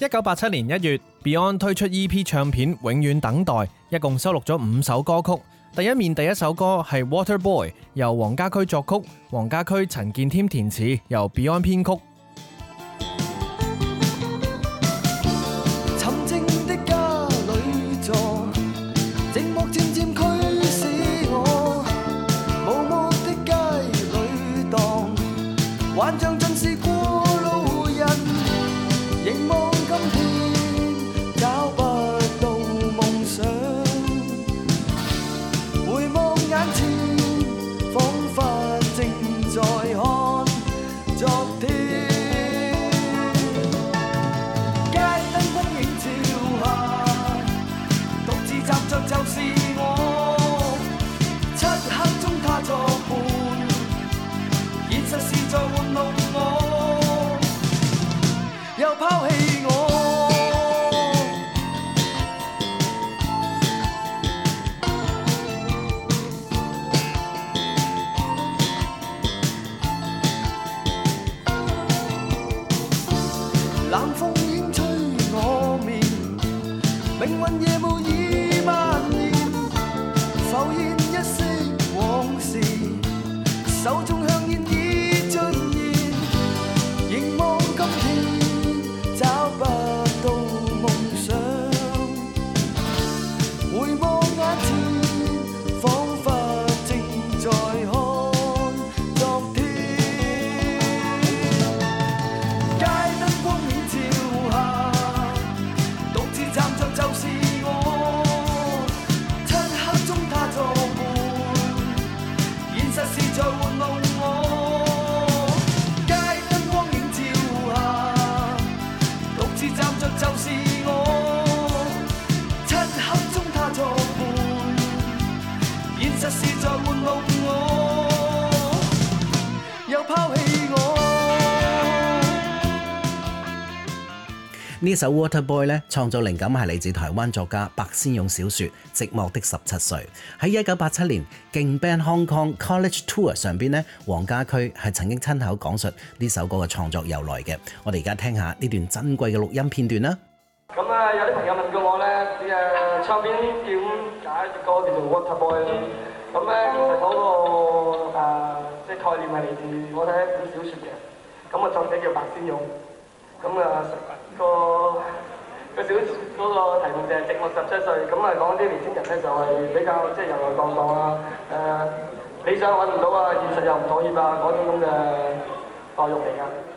一九八七年一月，Beyond 推出 EP 唱片《永遠等待》，一共收錄咗五首歌曲。第一面第一首歌係《Water Boy》，由黃家駒作曲，黃家駒、陳健添填詞，由 Beyond 編曲。其實是在玩弄我，又拋棄我。呢首《Water Boy》呢，創作靈感係嚟自台灣作家白先勇小説《寂寞的十七歲》。喺一九八七年勁 Band Hong Kong College Tour 上邊呢，黃家駒係曾經親口講述呢首歌嘅創作由來嘅。我哋而家聽下呢段珍貴嘅錄音片段啦。咁啊，有啲朋友問過我咧，誒、呃，唱片點？啱啲歌叫做 Water Boy 咁、嗯、咧、嗯、其實嗰、那個即係、呃就是、概念係嚟自我睇一本小説嘅，咁啊作者叫白先勇，咁啊個個小嗰、那個題目就係寂寞十七歲，咁啊講啲年輕人咧就係、是、比較即係遊來蕩蕩啊，誒、就、理、是呃、想揾唔到啊，現實又唔妥協啊，嗰種種嘅代育嚟噶。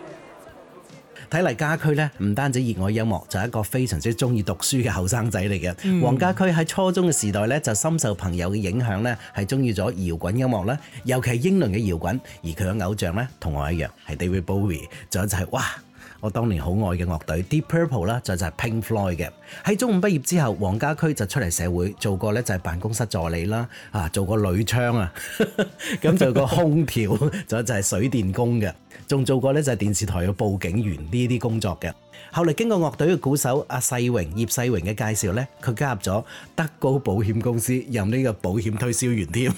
睇嚟家駒咧，唔單止熱愛音樂，就係、是、一個非常之中意讀書嘅後生仔嚟嘅。黃、嗯、家駒喺初中嘅時代咧，就深受朋友嘅影響咧，係中意咗搖滾音樂啦，尤其係英倫嘅搖滾，而佢嘅偶像咧，同我一樣係 David Bowie，仲有就係、是、哇。我當年好愛嘅樂隊 Deep Purple 啦，再就係 Pink Floyd 嘅。喺中五畢業之後，黃家駒就出嚟社會，做過咧就係辦公室助理啦，啊，做過女槍啊，咁 做過空調，仲有就係、是、水電工嘅，仲做過咧就係電視台嘅報警員呢啲工作嘅。後嚟經過樂隊嘅鼓手阿、啊、世榮、葉世榮嘅介紹咧，佢加入咗德高保險公司，任呢個保險推銷員添。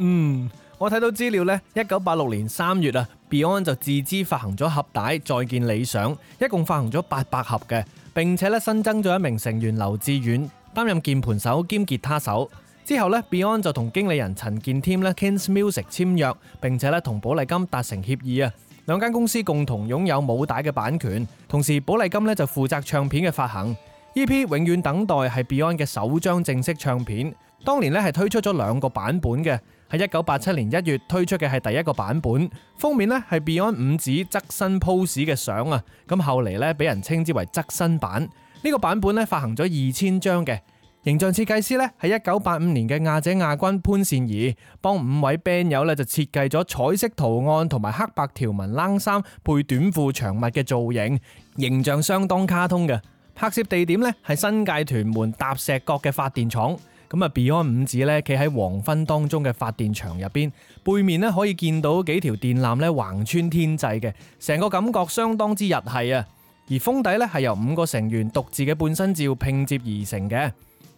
嗯 、mm.。我睇到資料呢，一九八六年三月啊，Beyond 就自資發行咗盒帶《再見理想》，一共發行咗八百盒嘅。並且咧，新增咗一名成員劉志遠，擔任鍵盤手兼吉他手。之後呢 Beyond 就同經理人陳建添 King's Music 簽約，並且咧同寶麗金達成協議啊。兩間公司共同擁有母帶嘅版權，同時寶麗金呢就負責唱片嘅發行。EP《永遠等待》係 Beyond 嘅首張正式唱片，當年呢，係推出咗兩個版本嘅。喺一九八七年一月推出嘅係第一個版本，封面呢係 Beyond 五子側身 pose 嘅相啊，咁後嚟呢，俾人稱之為側身版。呢個版本呢，發行咗二千張嘅，形象設計師呢係一九八五年嘅亞姐亞軍潘善儀，幫五位 band 友呢就設計咗彩色圖案同埋黑白條紋冷衫配短褲長襪嘅造型，形象相當卡通嘅。拍攝地點呢，係新界屯門踏石角嘅發電廠。咁啊！Beyond 五子咧，企喺黃昏當中嘅發電場入邊，背面咧可以見到幾條電纜咧橫穿天際嘅，成個感覺相當之日系啊。而封底咧係由五個成員獨自嘅半身照拼接而成嘅。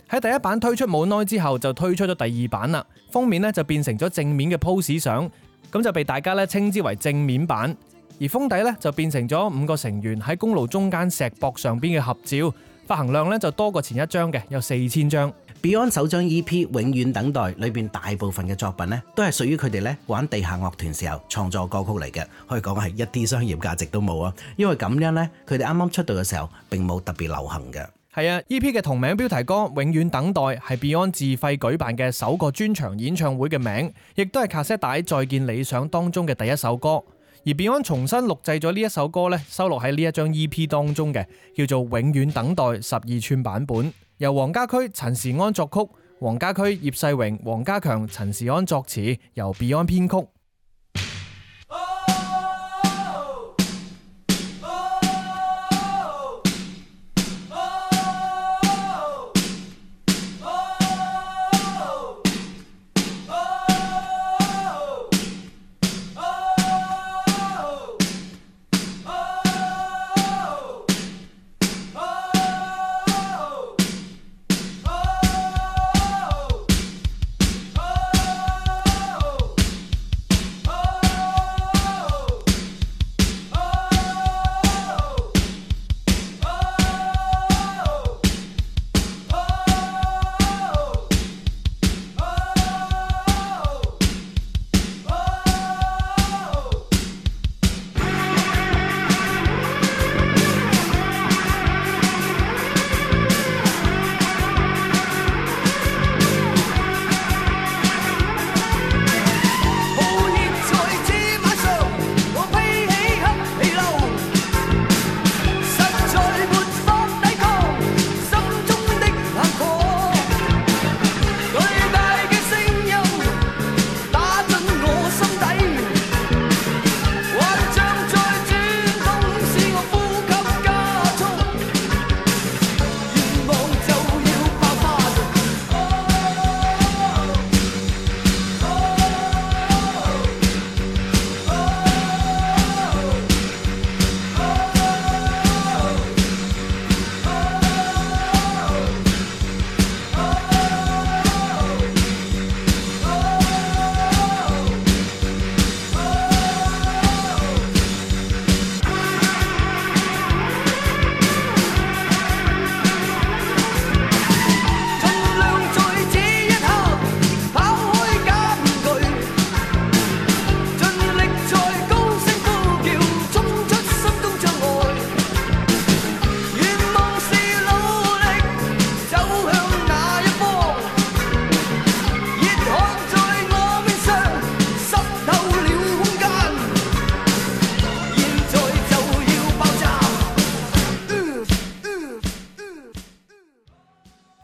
喺第一版推出冇耐之後，就推出咗第二版啦。封面咧就變成咗正面嘅 pose 相，咁就被大家咧稱之為正面版。而封底咧就變成咗五個成員喺公路中間石博上邊嘅合照。發行量咧就多過前一張嘅，有四千張。Beyond 首張 EP《永遠等待》裏邊大部分嘅作品咧，都係屬於佢哋咧玩地下樂團時候創作歌曲嚟嘅，可以講係一啲商業價值都冇啊。因為咁樣呢，佢哋啱啱出道嘅時候，並冇特別流行嘅。係啊，EP 嘅同名標題歌《永遠等待》係 Beyond 自費舉辦嘅首個專場演唱會嘅名字，亦都係卡式帶《再見理想》當中嘅第一首歌。而 Beyond 重新錄製咗呢一首歌呢，收錄喺呢一張 EP 當中嘅，叫做《永遠等待》十二寸版本。由黃家駒、陳時安作曲，黃家駒、葉世榮、黃家強、陳時安作詞，由 Beyond 編曲。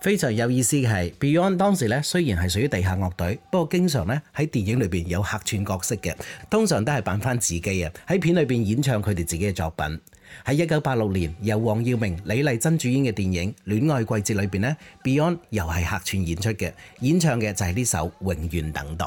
非常有意思嘅係，Beyond 當時咧雖然係屬於地下樂隊，不過經常咧喺電影裏邊有客串角色嘅，通常都係扮翻自己啊！喺片裏邊演唱佢哋自己嘅作品。喺一九八六年由黃耀明、李麗珍主演嘅電影《戀愛季節》裏邊咧，Beyond 又係客串演出嘅，演唱嘅就係呢首《永遠等待》。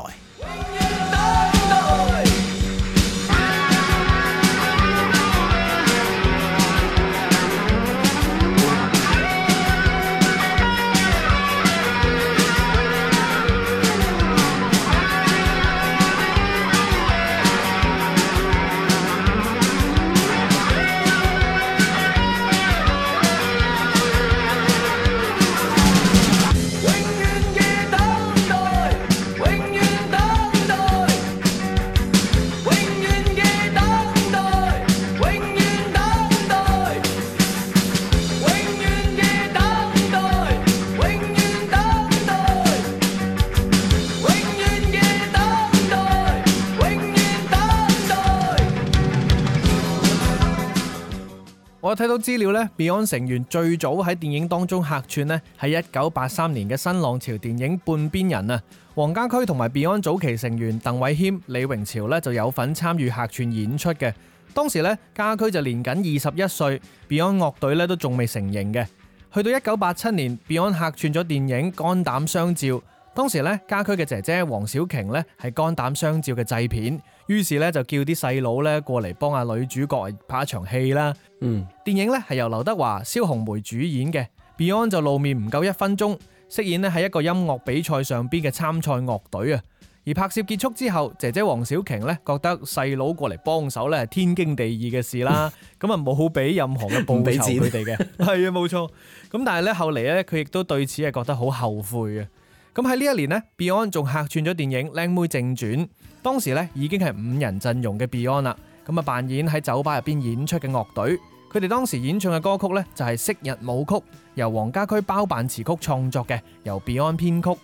我睇到資料咧，Beyond 成員最早喺電影當中客串呢喺一九八三年嘅新浪潮電影《半邊人》啊，黃家駒同埋 Beyond 早期成員鄧偉謙、李榮潮咧就有份參與客串演出嘅。當時咧，家駒就年僅二十一歲，Beyond 樂隊咧都仲未成型嘅。去到一九八七年，Beyond 客串咗電影《肝膽相照》。當時咧，家駒嘅姐姐黃小瓊咧係肝膽相照嘅製片，於是咧就叫啲細佬咧過嚟幫下女主角拍一場戲啦。嗯，電影咧係由劉德華、蕭紅梅主演嘅，Beyond 就露面唔夠一分鐘，飾演咧係一個音樂比賽上邊嘅參賽樂隊啊。而拍攝結束之後，姐姐黃小瓊咧覺得細佬過嚟幫手咧係天經地義嘅事啦，咁啊冇俾任何嘅報酬佢哋嘅，係啊冇錯。咁 但係咧後嚟咧，佢亦都對此係覺得好後悔咁喺呢一年呢 Beyond 仲客串咗電影《靚妹正傳》，當時咧已經係五人陣容嘅 Beyond 啦。咁啊扮演喺酒吧入邊演出嘅樂隊，佢哋當時演唱嘅歌曲咧就係《昔日舞曲》，由黃家駒包辦詞曲創作嘅，由 Beyond 編曲。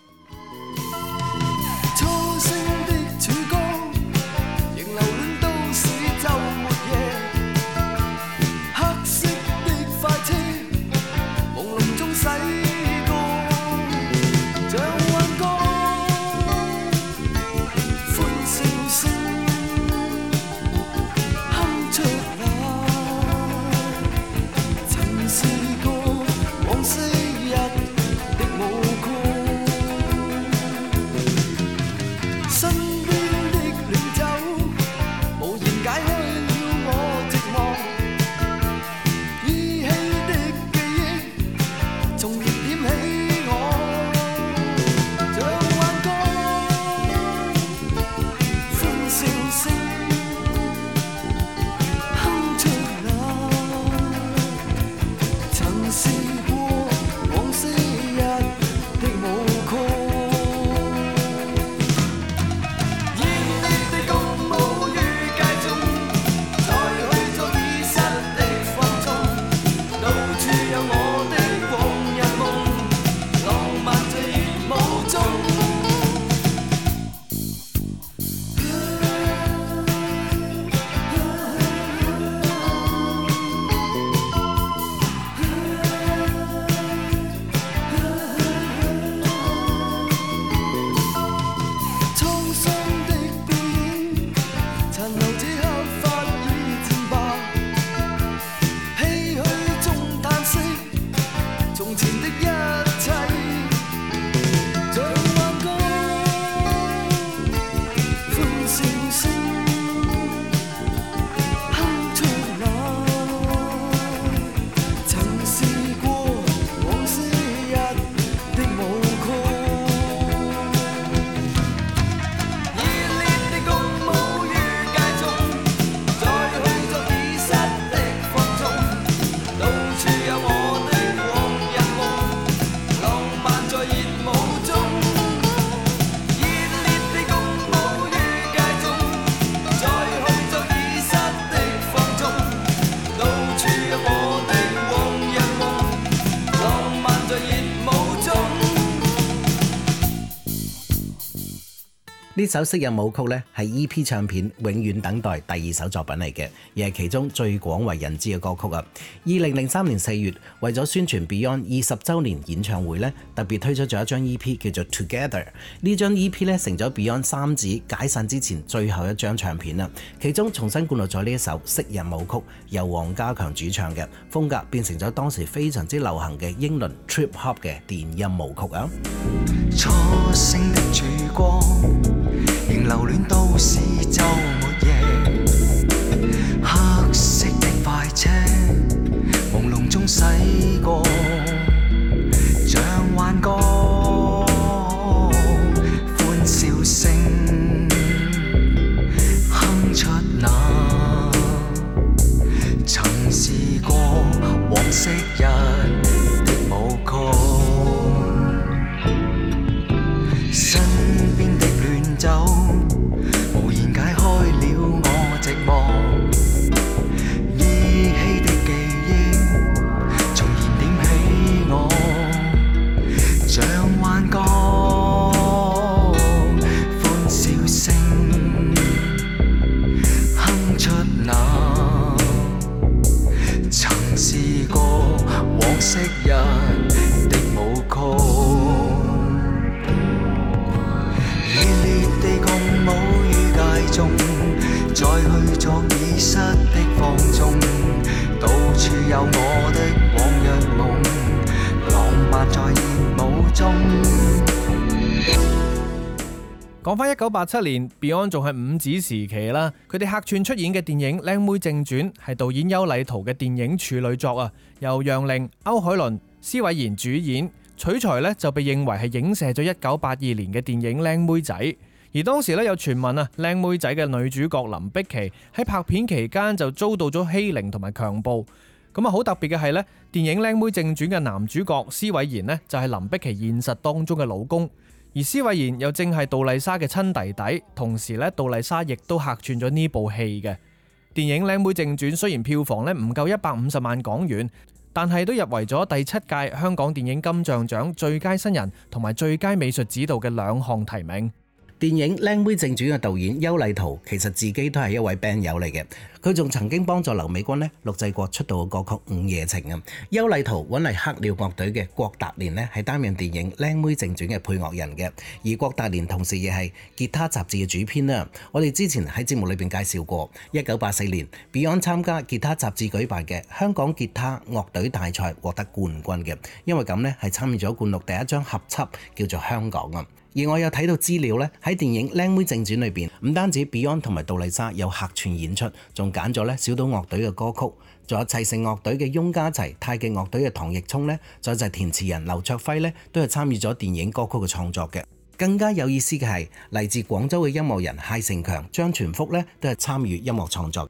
首《昔日舞曲》咧，係 E.P. 唱片《永遠等待》第二首作品嚟嘅，而係其中最廣為人知嘅歌曲啊！二零零三年四月，為咗宣傳 Beyond 二十週年演唱會咧，特別推出咗一張 E.P. 叫做《Together》。呢張 E.P. 咧，成咗 Beyond 三子解散之前最後一張唱片啊！其中重新灌錄咗呢一首《昔日舞曲》，由黃家強主唱嘅風格變成咗當時非常之流行嘅英倫 Trip Hop 嘅電音舞曲啊！初升的曙光。留戀都是。一九八七年，Beyond 仲係五子時期啦，佢哋客串出演嘅電影《靚妹正傳》係導演邱禮濤嘅電影處女作啊，由楊玲、歐海倫、施偉賢主演。取材呢就被認為係影射咗一九八二年嘅電影《靚妹仔》，而當時呢有傳聞啊，《靚妹仔》嘅女主角林碧琪喺拍片期間就遭到咗欺凌同埋強暴。咁啊，好特別嘅係呢，電影《靚妹正傳》嘅男主角施偉賢呢就係林碧琪現實當中嘅老公。而施慧賢又正係杜麗莎嘅親弟弟，同時咧杜麗莎亦都客串咗呢部戲嘅電影《靚妹正傳》。雖然票房呢唔夠一百五十萬港元，但係都入圍咗第七屆香港電影金像獎最佳新人同埋最佳美術指導嘅兩項提名。電影《靚妹正傳》嘅導演邱禮濤其實自己都係一位 band 友嚟嘅，佢仲曾經幫助劉美君咧錄製過出道嘅歌曲《午夜情》啊。邱禮濤揾嚟黑鳥樂隊嘅郭達年咧係擔任電影《靚妹正傳》嘅配樂人嘅，而郭達年同時亦係吉他雜誌嘅主編啦。我哋之前喺節目裏邊介紹過1984，一九八四年 Beyond 參加吉他雜誌舉辦嘅香港吉他樂隊大賽獲得冠軍嘅，因為咁呢，係參與咗灌錄第一張合輯叫做《香港》啊。而我有睇到資料呢，喺電影《靚妹正傳》裏邊，唔單止 Beyond 同埋杜麗莎有客串演出，仲揀咗呢，小島樂隊嘅歌曲，仲有齊盛樂隊嘅翁家齊、太極樂隊嘅唐奕聰呢，再就係填詞人劉卓輝呢，都係參與咗電影歌曲嘅創作嘅。更加有意思嘅係，嚟自廣州嘅音樂人解承強、張全復呢，都係參與音樂創作，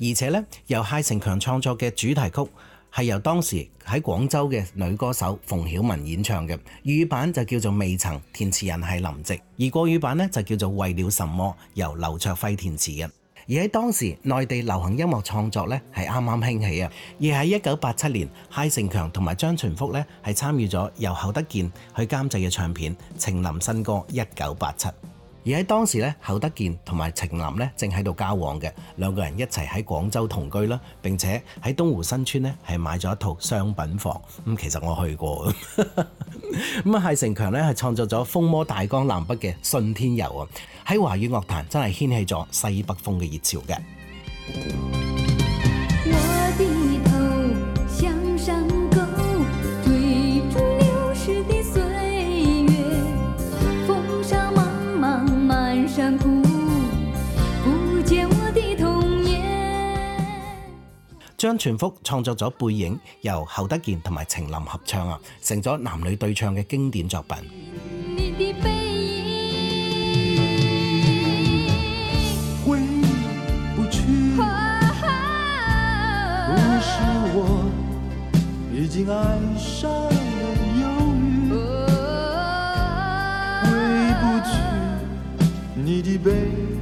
而且呢，由解承強創作嘅主題曲。係由當時喺廣州嘅女歌手馮曉文演唱嘅粵語版就叫做《未曾》，填詞人係林夕，而國語版呢，就叫做《為了什麼》，由劉卓輝填詞嘅。而喺當時，內地流行音樂創作呢，係啱啱興起啊！而喺一九八七年，嗨成強同埋張全福呢，係參與咗由侯德健去監製嘅唱片《情林新歌一九八七）。而喺當時咧，侯德健同埋程琳咧正喺度交往嘅兩個人一齊喺廣州同居啦，並且喺東湖新村咧係買咗一套商品房。咁其實我去過咁啊，解 承強咧係創作咗《風魔大江南北》嘅《信天遊》啊，喺華語樂壇真係掀起咗西北風嘅熱潮嘅。張全復創作咗《背影》，由侯德健同埋程琳合唱啊，成咗男女對唱嘅經典作品。你的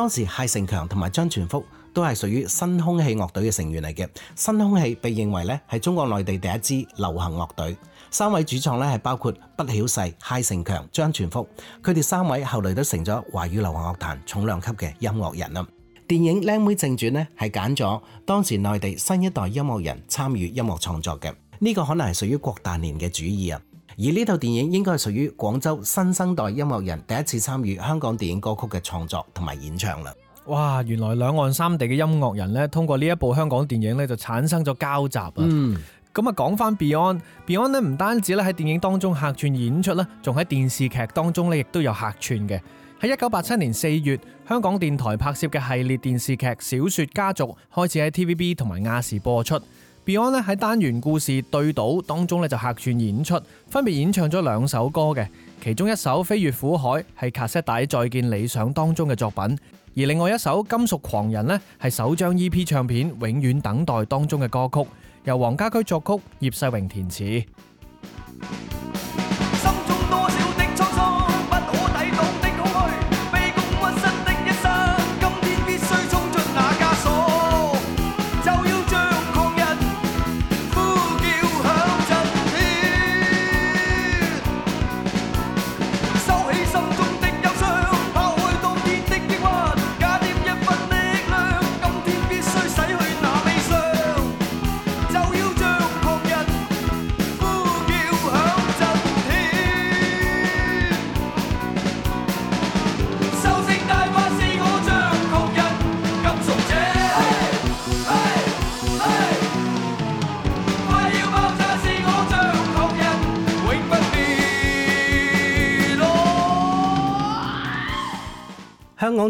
當時解承強同埋張全復都係屬於新空氣樂隊嘅成員嚟嘅。新空氣被認為咧係中國內地第一支流行樂隊。三位主創咧係包括不曉世、解承強、張全復，佢哋三位後來都成咗華語流行樂壇重量級嘅音樂人啦。電影《靚妹正傳》咧係揀咗當時內地新一代音樂人參與音樂創作嘅呢個，可能係屬於郭大年嘅主意啊。而呢套電影應該係屬於廣州新生代音樂人第一次參與香港電影歌曲嘅創作同埋演唱啦。哇，原來兩岸三地嘅音樂人咧，通過呢一部香港電影咧，就產生咗交集啊。嗯，咁啊，講翻 Beyond，Beyond 咧唔單止咧喺電影當中客串演出啦，仲喺電視劇當中咧亦都有客串嘅。喺一九八七年四月，香港電台拍攝嘅系列電視劇《小說家族》開始喺 TVB 同埋亞視播出。Beyond 喺單元故事對倒當中咧就客串演出，分別演唱咗兩首歌嘅，其中一首《飛越苦海》係卡式帶再見理想當中嘅作品，而另外一首《金屬狂人》呢係首張 E.P. 唱片《永遠等待》當中嘅歌曲，由黃家駒作曲葉榮、葉世榮填詞。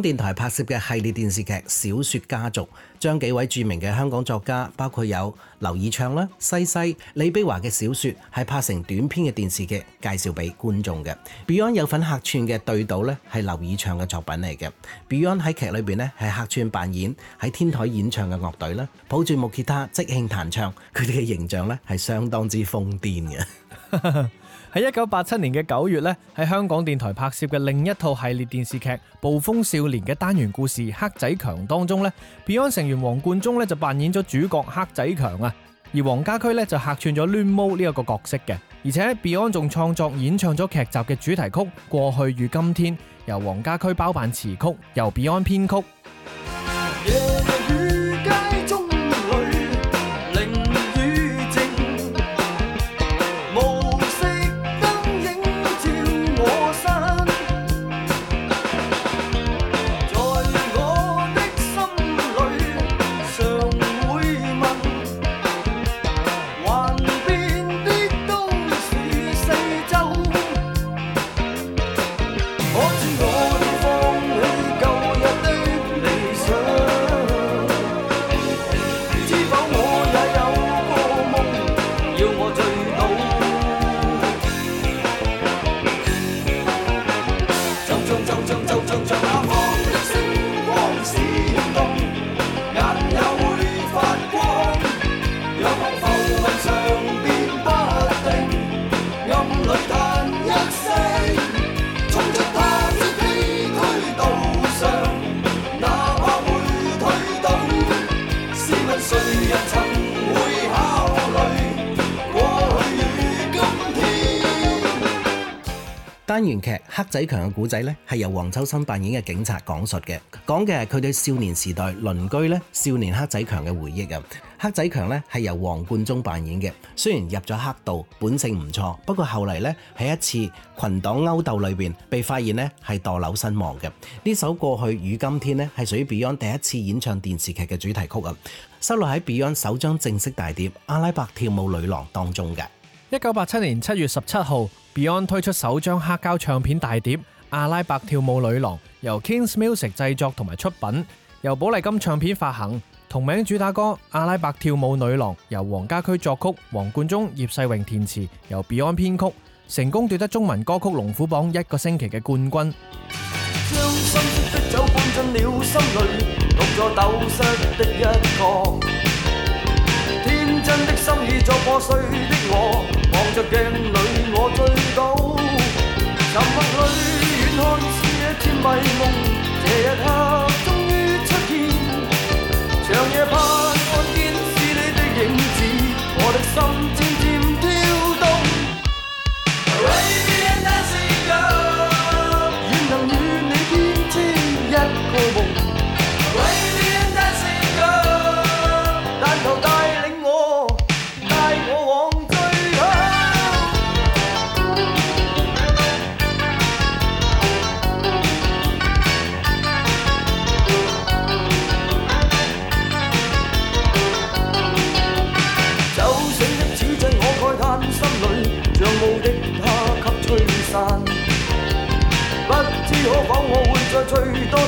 電台拍攝嘅系列電視劇《小說家族》，將幾位著名嘅香港作家，包括有劉以鬯啦、西西、李碧華嘅小說，係拍成短篇嘅電視劇，介紹俾觀眾嘅。Beyond 有份客串嘅對倒呢係劉以鬯嘅作品嚟嘅。Beyond 喺劇裏邊呢，係客串扮演喺天台演唱嘅樂隊啦，抱住木吉他即興彈唱，佢哋嘅形象呢，係相當之瘋癲嘅。 喺一九八七年嘅九月咧，喺香港電台拍攝嘅另一套系列電視劇《暴風少年》嘅單元故事《黑仔強》當中咧，Beyond 成員黃貫中咧就扮演咗主角黑仔強啊，而黃家駒咧就客串咗亂毛呢一個角色嘅，而且 Beyond 仲創作演唱咗劇集嘅主題曲《過去與今天》，由黃家駒包辦詞曲，由 Beyond 編曲。原劇黑仔強嘅故仔咧，係由黃秋生扮演嘅警察講述嘅，講嘅係佢對少年時代鄰居咧少年黑仔強嘅回憶啊。黑仔強咧係由黃貫中扮演嘅，雖然入咗黑道，本性唔錯，不過後嚟咧喺一次群黨毆鬥裏邊，被發現咧係墮樓身亡嘅。呢首過去與今天咧係屬於 Beyond 第一次演唱電視劇嘅主題曲啊，收錄喺 Beyond 首張正式大碟《亞拉伯跳舞女郎》當中嘅。一九八七年七月十七號，Beyond 推出首張黑膠唱片大碟《亞拉伯跳舞女郎》，由 King's Music 製作同埋出品，由寶麗金唱片發行。同名主打歌《亞拉伯跳舞女郎》由黃家駒作曲，黃貫中、葉世榮填詞，由 Beyond 編曲，成功奪得中文歌曲龍虎榜一個星期嘅冠軍。將心的酒真的心意，作破碎的我，望着鏡裏我醉倒。沉默裏遠看是一片迷蒙。這一刻終於出現。長夜盼看見是你的影子，我的心漸漸跳動。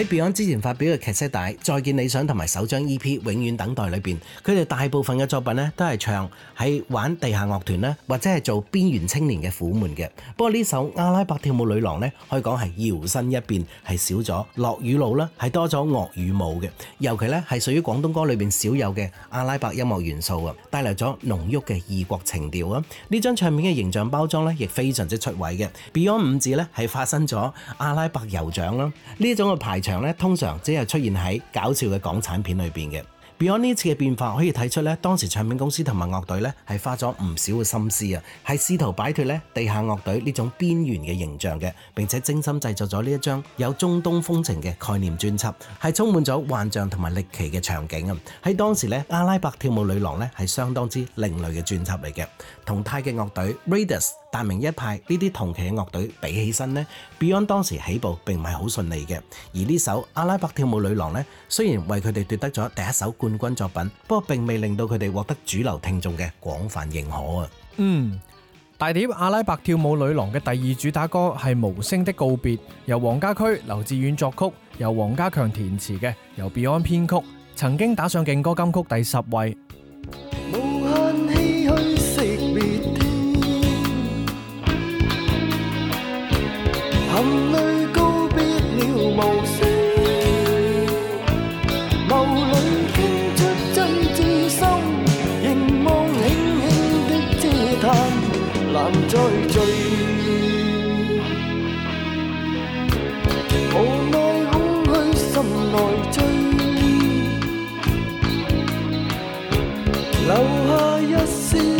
喺 Beyond 之前發表嘅劇集帶《再見理想》同埋首張 EP《永遠等待》裏邊，佢哋大部分嘅作品咧都係唱喺玩地下樂團咧，或者係做邊緣青年嘅苦悶嘅。不過呢首《阿拉伯跳舞女郎》咧，可以講係搖身一變了，係少咗樂與怒啦，係多咗樂與舞嘅。尤其咧係屬於廣東歌裏邊少有嘅阿拉伯音樂元素啊，帶來咗濃郁嘅異國情調啊！呢張唱片嘅形象包裝咧亦非常之出位嘅。Beyond 五子咧係化身咗阿拉伯酋長啦，呢種嘅排通常只係出現喺搞笑嘅港產片裏邊嘅，Beyond 呢次嘅變化可以睇出咧，當時唱片公司同埋樂隊咧係花咗唔少嘅心思啊，係試圖擺脫咧地下樂隊呢種邊緣嘅形象嘅，並且精心製作咗呢一張有中東風情嘅概念專輯，係充滿咗幻象同埋歷奇嘅場景啊！喺當時咧，阿拉伯跳舞女郎咧係相當之另類嘅專輯嚟嘅，同太極樂隊 Radius。大明一派呢啲同期嘅樂隊比起身呢 Beyond 當時起步並唔係好順利嘅，而呢首《亞拉伯跳舞女郎》呢，雖然為佢哋奪得咗第一首冠軍作品，不過並未令到佢哋獲得主流聽眾嘅廣泛認可啊。嗯，大碟《亞拉伯跳舞女郎》嘅第二主打歌係《無聲的告別》，由黃家駒、劉志遠作曲，由黃家強填詞嘅，由 Beyond 編曲，曾經打上勁歌金曲第十位。含淚告別了無聲，眸裡傾出真摯心，凝望輕輕的嗟嘆，難再追。無奈空虛心內追，留下一絲。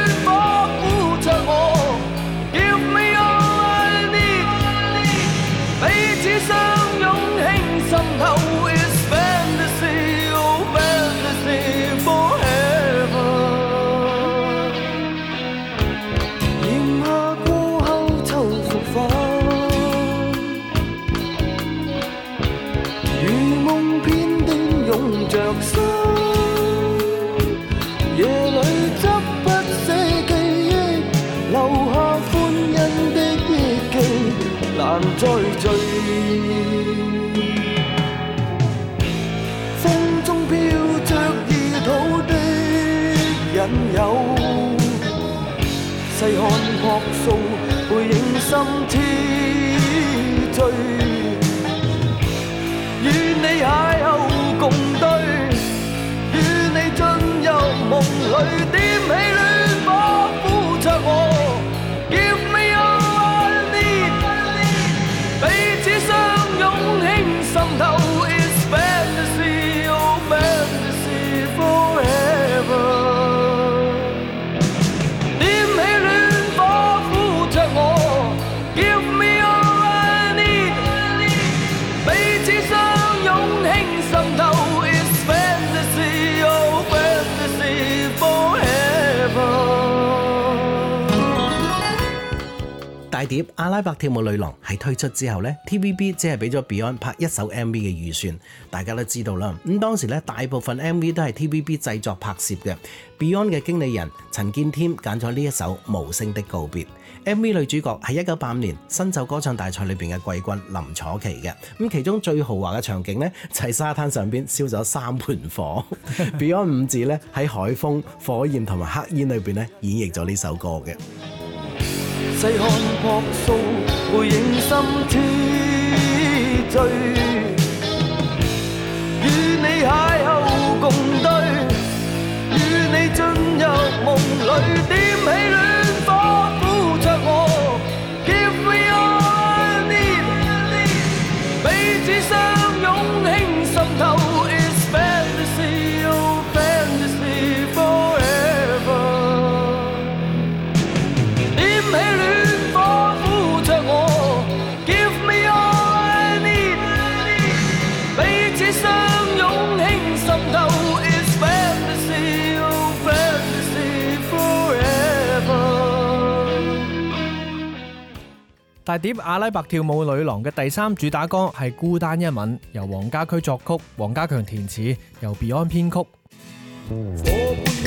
細看樸素背影，心痴醉。與你邂逅共對，與你進入夢裏，點起。《阿拉伯跳舞女郎》喺推出之後呢，TVB 只係俾咗 Beyond 拍一首 MV 嘅預算，大家都知道啦。咁當時咧，大部分 MV 都係 TVB 製作拍攝嘅。Beyond 嘅經理人陳建添揀咗呢一首《無聲的告別》，MV 女主角係一九八五年新秀歌唱大賽裏邊嘅季軍林楚琪嘅。咁其中最豪華嘅場景呢，就係沙灘上面燒咗三盤火。 Beyond 五字呢，喺海風、火焰同埋黑煙裏面呢，演繹咗呢首歌嘅。細看樸素，背影心痴醉，與你邂逅共渡。大碟《亞拉伯跳舞女郎》嘅第三主打歌係《孤單一吻》，由黃家駒作曲，黃家強填詞，由 Beyond 編曲。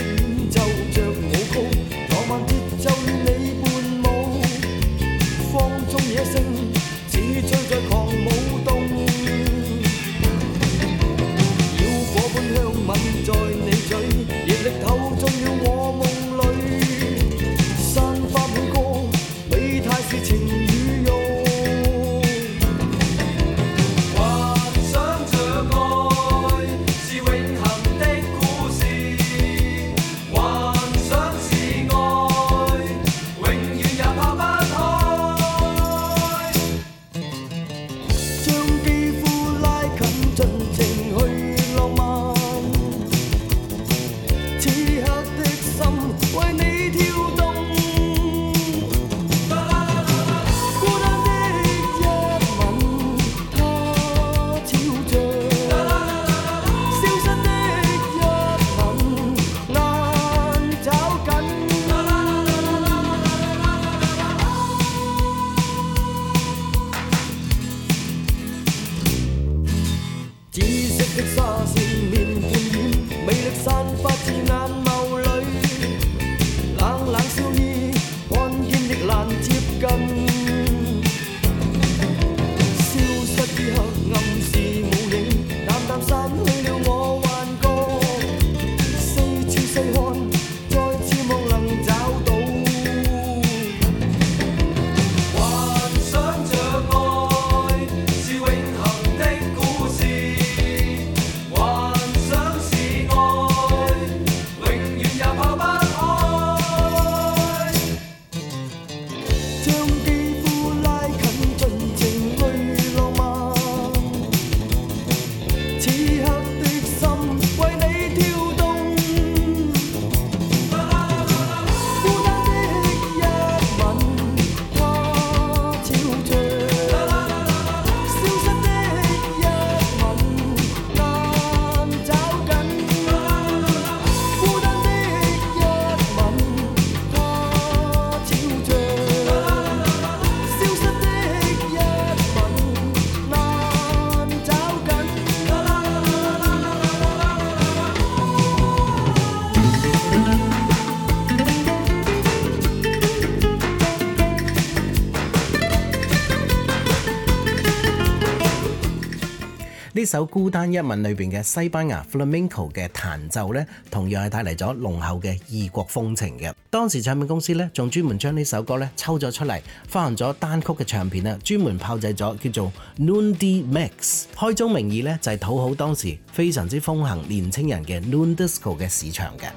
首《孤單一吻》裏邊嘅西班牙 flamenco 嘅彈奏咧，同樣係帶嚟咗濃厚嘅異國風情嘅。當時唱片公司咧，仲專門將呢首歌咧抽咗出嚟，發行咗單曲嘅唱片啊，專門炮製咗叫做 noon d mix 開宗明義咧就係討好當時非常之風行年青人嘅 noon disco 嘅市場嘅。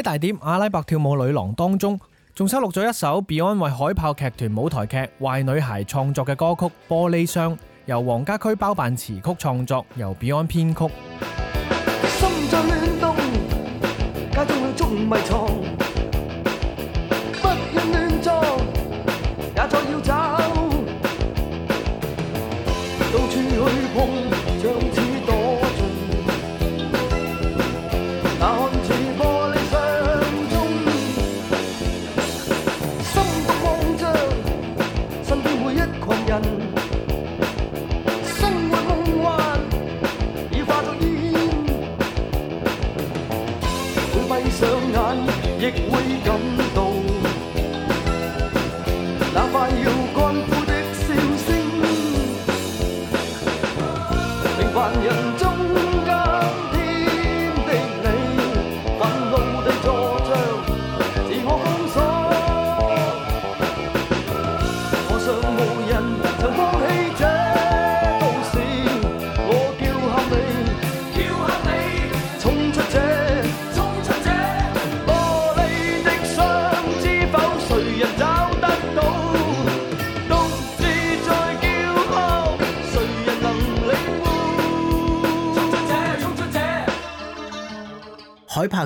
喺大碟《亞拉伯跳舞女郎》當中，仲收錄咗一首 Beyond 為海豹劇團舞台劇《壞女孩》創作嘅歌曲《玻璃箱》，由黃家駒包辦詞曲創作，由 Beyond 編曲。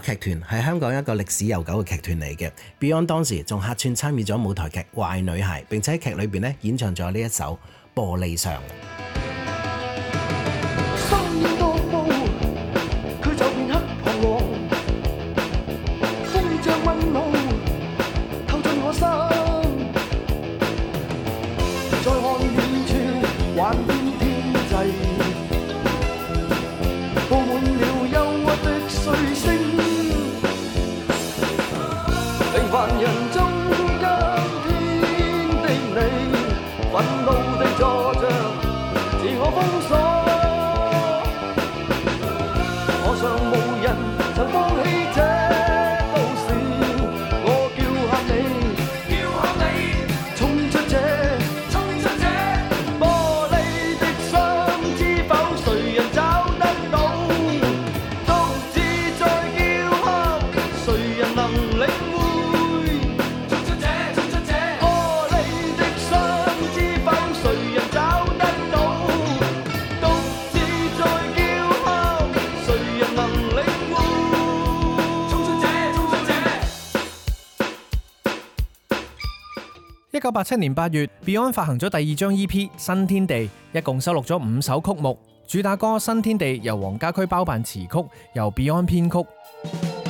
劇團係香港一個歷史悠久嘅劇團嚟嘅，Beyond 當時仲客串參與咗舞台劇《壞女孩》，並且喺劇裏邊咧演唱咗呢一首《玻璃箱》。八七年八月，Beyond 發行咗第二張 EP《新天地》，一共收錄咗五首曲目，主打歌《新天地》由黃家駒包辦詞曲，由 Beyond 編曲。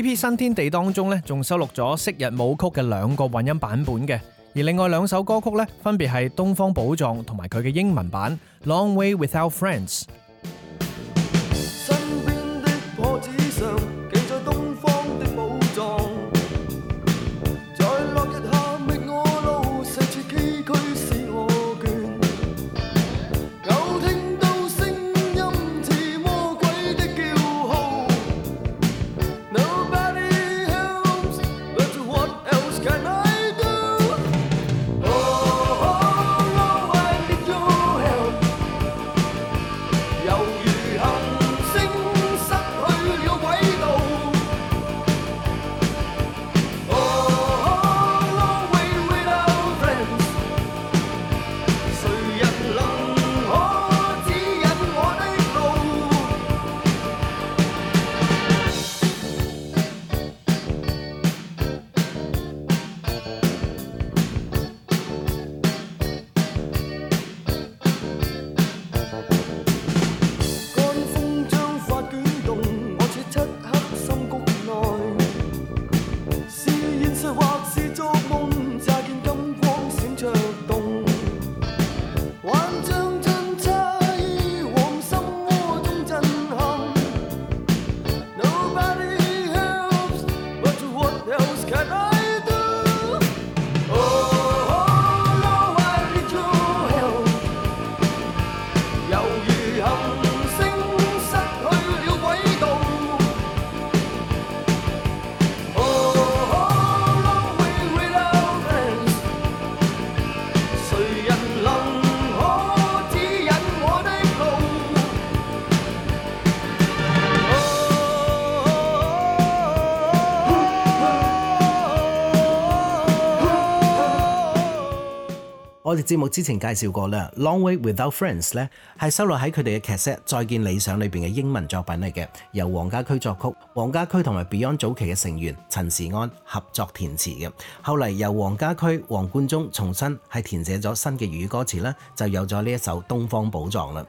呢篇新天地當中咧，仲收錄咗《昔日舞曲》嘅兩個混音版本嘅，而另外兩首歌曲咧，分別係《東方寶藏》同埋佢嘅英文版《Long Way Without Friends》。我哋節目之前介紹過啦，《Long Way Without Friends》咧係收錄喺佢哋嘅劇集《再見理想》裏面嘅英文作品嚟嘅，由黃家駒作曲，黃家駒同埋 Beyond 早期嘅成員陳時安合作填詞嘅。後嚟由黃家駒、黃貫中重新係填寫咗新嘅粵語歌詞咧，就有咗呢一首《東方寶藏》啦。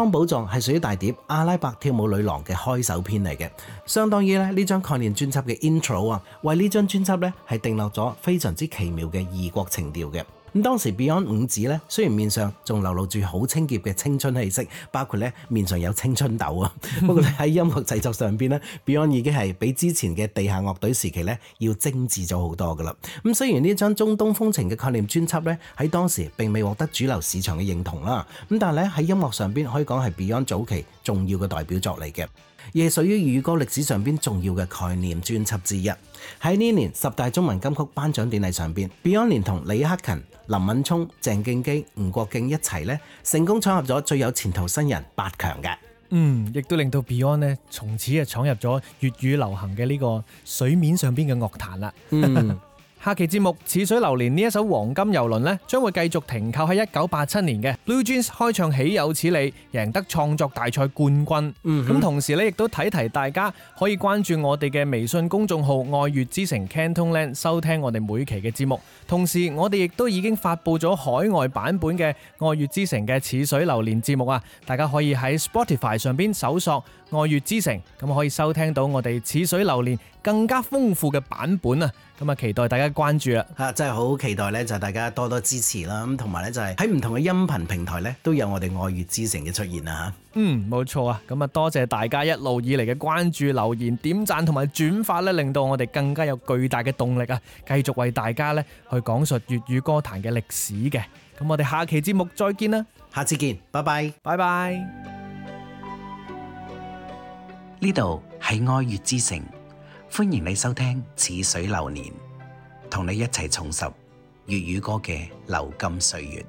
《東方寶藏》係屬於大碟《亞拉伯跳舞女郎》嘅開首篇嚟嘅，相當於咧呢張概念專輯嘅 intro 啊，為呢張專輯咧係定落咗非常之奇妙嘅異國情調嘅。咁當時 Beyond 五子咧，雖然面上仲流露住好清潔嘅青春氣息，包括咧面上有青春痘啊，不過喺音樂製作上邊咧 ，Beyond 已經係比之前嘅地下樂隊時期咧要精緻咗好多噶啦。咁雖然呢張中東風情嘅概念專輯咧喺當時並未獲得主流市場嘅認同啦，咁但係咧喺音樂上邊可以講係 Beyond 早期重要嘅代表作嚟嘅，亦係屬於粵語歌歷史上邊重要嘅概念專輯之一。喺呢年十大中文金曲頒獎典禮上邊，Beyond 連同李克勤。林敏聰、鄭敬基、吳國敬一齊咧，成功闖入咗最有前途新人八強嘅。嗯，亦都令到 Beyond 咧，從此啊闖入咗粵語流行嘅呢個水面上邊嘅樂壇啦。嗯。下期節目《似水流年》呢一首黃金遊輪咧，將會繼續停靠喺一九八七年嘅 Blue Jeans 開唱《喜有此理》，贏得創作大賽冠軍。咁、嗯、同時咧，亦都提提大家可以關注我哋嘅微信公眾號《愛粵之城 Cantonland》Canton，收聽我哋每期嘅節目。同時，我哋亦都已經發布咗海外版本嘅《愛粵之城》嘅《似水流年》節目啊！大家可以喺 Spotify 上邊搜索《愛粵之城》，咁可以收聽到我哋《似水流年》更加豐富嘅版本啊！咁啊，期待大家關注啦！嚇，真係好期待咧，就大家多多支持啦。咁同埋咧，就係喺唔同嘅音頻平台咧，都有我哋愛粵之城嘅出現啦嚇。嗯，冇錯啊。咁啊，多謝大家一路以嚟嘅關注、留言、點贊同埋轉發咧，令到我哋更加有巨大嘅動力啊，繼續為大家咧去講述粵語歌壇嘅歷史嘅。咁我哋下期節目再見啦，下次見，拜拜，拜拜。呢度係愛粵之城。歡迎你收聽《似水流年》，同你一齊重拾粵語歌嘅流金歲月。